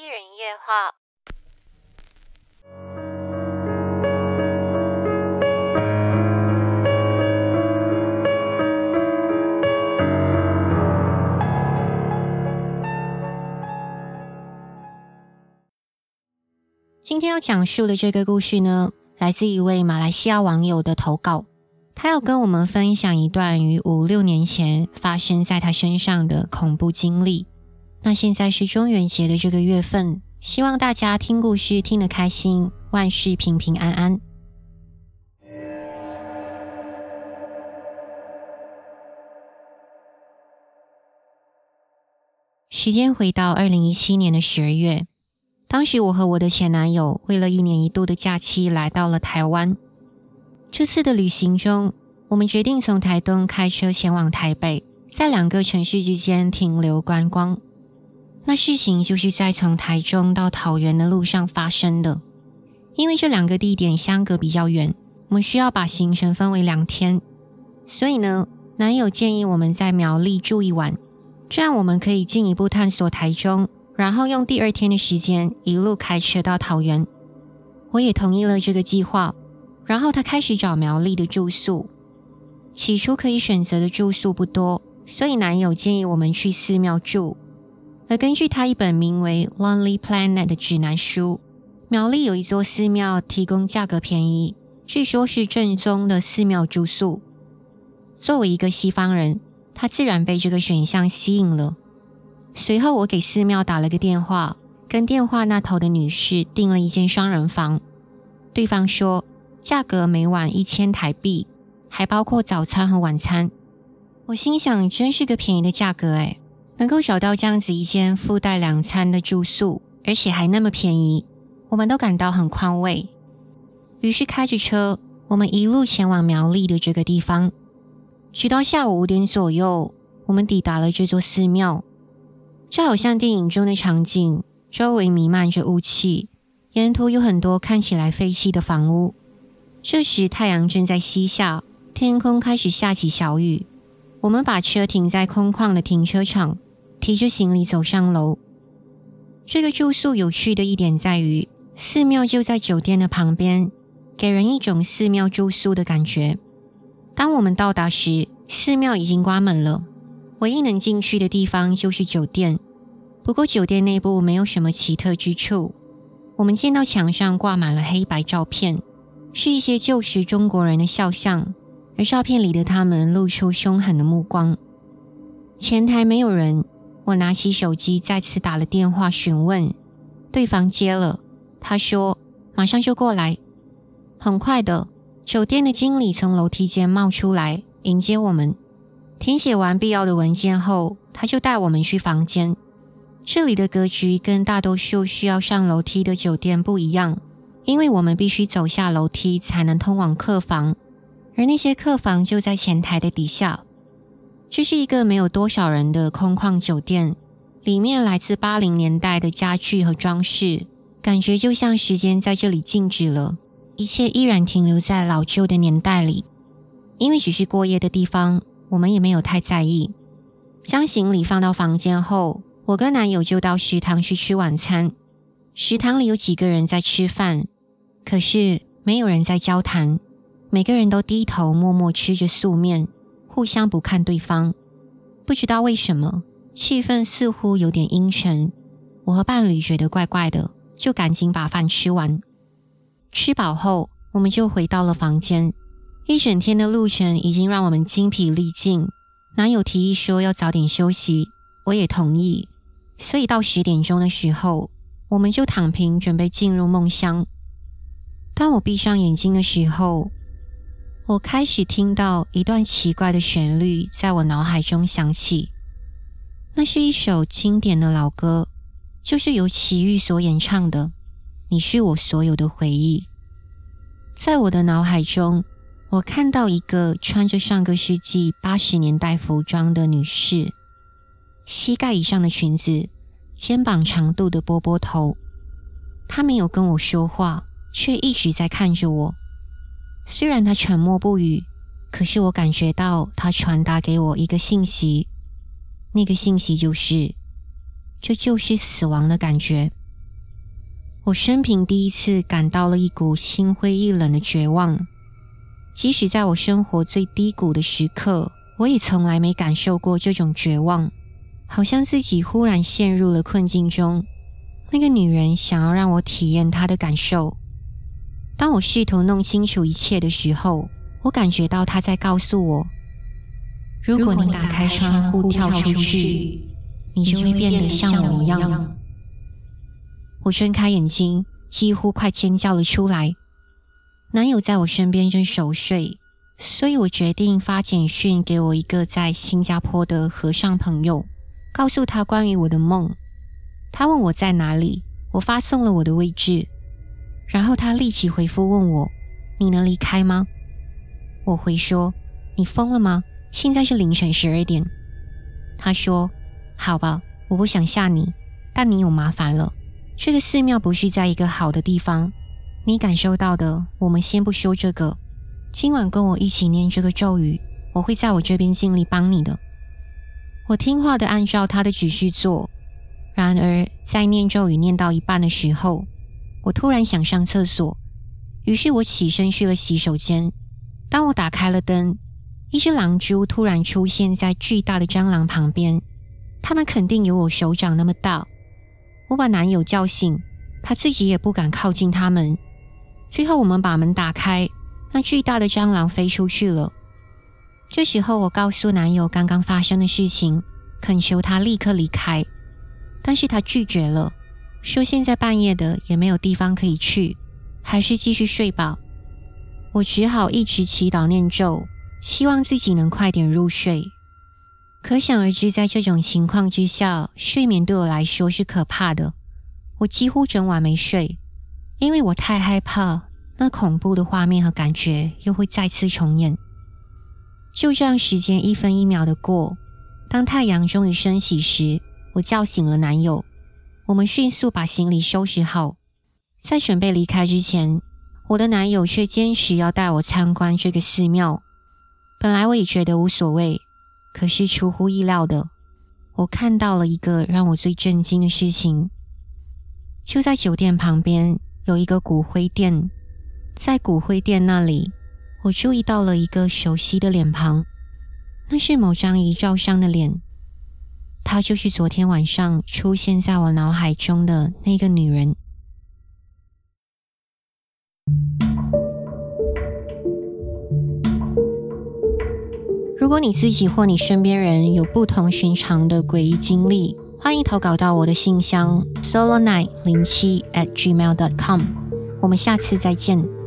一人夜話。今天要講述的這個故事呢，來自一位馬來西亞網友的投稿。他要跟我們分享一段於五六年前發生在他身上的恐怖經歷。那現在是中元節的這個月份，希望大家聽故事聽得開心，萬事平平安安。時間回到二零一七年的十二月，當時我和我的前男友為了一年一度的假期來到了台灣。這次的旅行中，我們決定從台東開車前往台北，在兩個城市之間停留觀光。那事情就是在從台中到桃園的路上發生的，因為這兩個地點相隔比較遠，我們需要把行程分為兩天，所以呢，男友建議我們在苗栗住一晚，這樣我們可以進一步探索台中，然後用第二天的時間一路開車到桃園。我也同意了這個計劃，然後他開始找苗栗的住宿。起初可以選擇的住宿不多，所以男友建議我們去寺廟住。而根據他一本名為《Lonely Planet》的指南書，苗栗有一座寺廟提供價格便宜，據說是正宗的寺廟住宿。作為一個西方人，他自然被這個選項吸引了。隨後，我給寺廟打了個電話，跟電話那頭的女士訂了一間雙人房。對方說價格每晚一千台幣，還包括早餐和晚餐。我心想，真是個便宜的價格哎。能夠找到這樣子一間附帶兩餐的住宿，而且還那麼便宜，我們都感到很寬慰。於是開着車，我們一路前往苗栗的這個地方。直到下午五點左右，我們抵達了這座寺廟，就好像電影中的場景。周圍彌漫着霧氣，沿途有很多看起來廢棄的房屋。這時太陽正在西下，天空開始下起小雨。我們把車停在空曠的停車場。提着行李走上樓。這個住宿有趣的一點在於，寺廟就在酒店的旁邊，給人一種寺廟住宿的感覺。當我們到達時，寺廟已經關門了，唯一能進去的地方就是酒店。不過酒店內部沒有什麼奇特之處。我們見到牆上掛滿了黑白照片，是一些舊時中國人的肖像，而照片裡的他們露出凶狠的目光。前台沒有人。我拿起手機，再次打了電話詢問，對方接了，他說馬上就過來。很快的，酒店的經理從樓梯間冒出來迎接我們。填寫完必要的文件後，他就帶我們去房間。這裡的格局跟大多數需要上樓梯的酒店不一樣，因為我們必須走下樓梯才能通往客房，而那些客房就在前台的底下。這是一個沒有多少人的空曠酒店，裡面來自八零年代的家具和裝飾，感覺就像時間在這裡靜止了，一切依然停留在老舊的年代裡。因為只是過夜的地方，我們也沒有太在意。將行李放到房間後，我跟男友就到食堂去吃晚餐。食堂裡有幾個人在吃飯，可是沒有人在交談，每個人都低頭默默吃着素麵。互相不看對方，不知道為什麼，氣氛似乎有點陰沉。我和伴侶覺得怪怪的，就趕緊把飯吃完。吃飽後，我們就回到了房間。一整天的路程已經讓我們精疲力盡，男友提議說要早點休息，我也同意。所以到十點鐘的時候，我們就躺平，準備進入夢鄉。當我閉上眼睛的時候，我開始聽到一段奇怪的旋律在我腦海中響起，那是一首經典的老歌，就是由齊豫所演唱的《你是我所有的回憶》。在我的腦海中，我看到一個穿着上個世紀八十年代服裝的女士，膝蓋以上的裙子，肩膀長度的波波頭。她沒有跟我說話，卻一直在看着我。雖然他沉默不語，可是我感覺到他傳達給我一個信息，那個信息就是，這就是死亡的感覺。我生平第一次感到了一股心灰意冷的絕望。即使在我生活最低谷的時刻，我也從來沒感受過這種絕望，好像自己忽然陷入了困境中。那個女人想要讓我體驗她的感受。當我試圖弄清楚一切的時候，我感覺到他在告訴我：“如果你打開窗戶跳出去，你就會變得像我一樣。我一樣”我睜開眼睛，幾乎快尖叫了出來。男友在我身邊正熟睡，所以我決定發簡訊給我一個在新加坡的和尚朋友，告訴他關於我的夢。他問我在哪裡，我發送了我的位置。然後他立即回復問我：“你能離開嗎？”我回說：“你瘋了嗎？現在是凌晨十二點。”他說：“好吧，我不想嚇你，但你有麻煩了。這個寺廟不是在一個好的地方，你感受到的。我們先不說這個，今晚跟我一起念這個咒語，我會在我這邊盡力幫你的。”我聽話的按照他的指示做。然而，在念咒語念到一半的時候。我突然想上廁所，於是我起身去了洗手間。當我打開了燈，一隻狼蛛突然出現在巨大的蟑螂旁邊。它們肯定有我手掌那麼大。我把男友叫醒，他自己也不敢靠近它們。最後，我們把門打開，那巨大的蟑螂飛出去了。這時候，我告訴男友剛剛發生的事情，懇求他立刻離開，但是他拒絕了。說：“現在半夜的也沒有地方可以去，還是繼續睡吧。”我只好一直祈禱唸咒，希望自己能快點入睡。可想而知，在這種情況之下，睡眠對我來說是可怕的。我幾乎整晚沒睡，因為我太害怕那恐怖的畫面和感覺又會再次重演。就這樣，時間一分一秒的過。當太陽終於升起時，我叫醒了男友。我們迅速把行李收拾好，在準備離開之前，我的男友卻堅持要帶我參觀這個寺廟。本來我也覺得無所謂，可是出乎意料的，我看到了一個讓我最震驚的事情：就在酒店旁邊有一個骨灰殿，在骨灰殿那裡，我注意到了一個熟悉的臉龐，那是某張遺照上的臉。她就是昨天晚上出現在我腦海中的那個女人。如果你自己或你身邊人有不同尋常的詭異經歷，歡迎投稿到我的信箱 solo night 零七 at gmail dot com。我們下次再見。